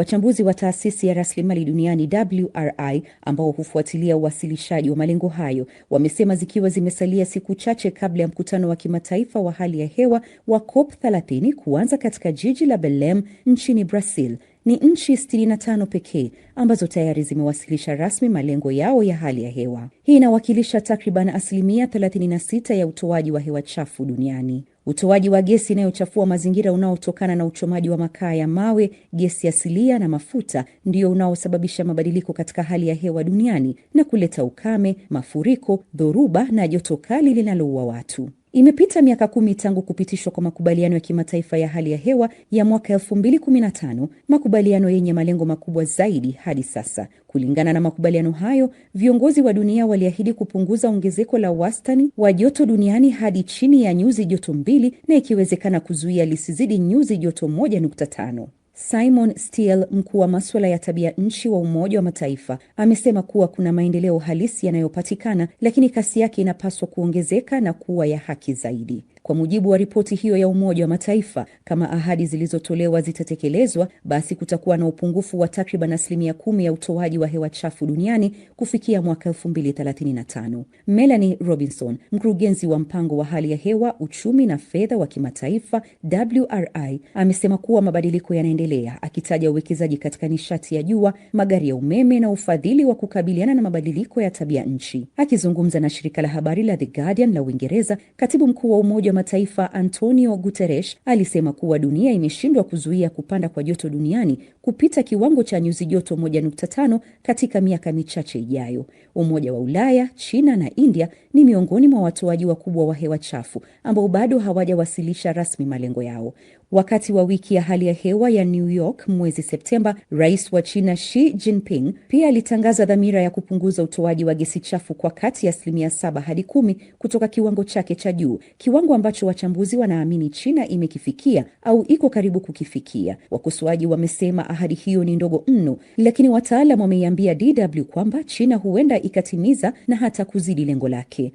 Wachambuzi wa taasisi ya rasilimali duniani WRI ambao hufuatilia uwasilishaji wa malengo hayo wamesema zikiwa zimesalia siku chache kabla ya mkutano wa kimataifa wa hali ya hewa wa COP30 kuanza katika jiji la Belem nchini Brazil, ni nchi 65 pekee ambazo tayari zimewasilisha rasmi malengo yao ya hali ya hewa. Hii inawakilisha takriban asilimia 36 ya utoaji wa hewa chafu duniani utoaji wa gesi inayochafua mazingira unaotokana na uchomaji wa makaa ya mawe, gesi asilia na mafuta ndio unaosababisha mabadiliko katika hali ya hewa duniani na kuleta ukame, mafuriko, dhoruba na joto kali linaloua watu. Imepita miaka kumi tangu kupitishwa kwa makubaliano ya kimataifa ya hali ya hewa ya mwaka 2015, makubaliano yenye malengo makubwa zaidi hadi sasa. Kulingana na makubaliano hayo, viongozi wa dunia waliahidi kupunguza ongezeko la wastani wa joto duniani hadi chini ya nyuzi joto mbili na ikiwezekana kuzuia lisizidi nyuzi joto 1.5. Simon Steele, mkuu wa maswala ya tabia nchi wa Umoja wa Mataifa, amesema kuwa kuna maendeleo halisi yanayopatikana, lakini kasi yake inapaswa kuongezeka na kuwa ya haki zaidi. Kwa mujibu wa ripoti hiyo ya Umoja wa Mataifa, kama ahadi zilizotolewa zitatekelezwa, basi kutakuwa na upungufu wa takriban asilimia kumi ya utoaji wa hewa chafu duniani kufikia mwaka tano. Melanie Robinson, mkurugenzi wa mpango wa hali ya hewa, uchumi na fedha wa kimataifa WRI, amesema kuwa mabadiliko yanaendelea, akitaja uwekezaji katika nishati ya jua, magari ya umeme na ufadhili wa kukabiliana na mabadiliko ya tabia nchi. Akizungumza na shirika la habari la The Guardian la Uingereza, katibu mkuu wa Umoja wa Mataifa Antonio Guterres alisema kuwa dunia imeshindwa kuzuia kupanda kwa joto duniani kupita kiwango cha nyuzi joto 1.5 katika miaka michache ijayo. Umoja wa Ulaya, China na India ni miongoni mwa watoaji wakubwa wa hewa chafu ambao bado hawajawasilisha rasmi malengo yao. Wakati wa wiki ya hali ya hewa ya New York mwezi Septemba, rais wa China Xi Jinping pia alitangaza dhamira ya kupunguza utoaji wa gesi chafu kwa kati ya asilimia saba hadi kumi kutoka kiwango chake cha juu, kiwango ambacho wachambuzi wanaamini China imekifikia au iko karibu kukifikia. Wakosoaji wamesema ahadi hiyo ni ndogo mno, lakini wataalam wameiambia DW kwamba China huenda ikatimiza na hata kuzidi lengo lake.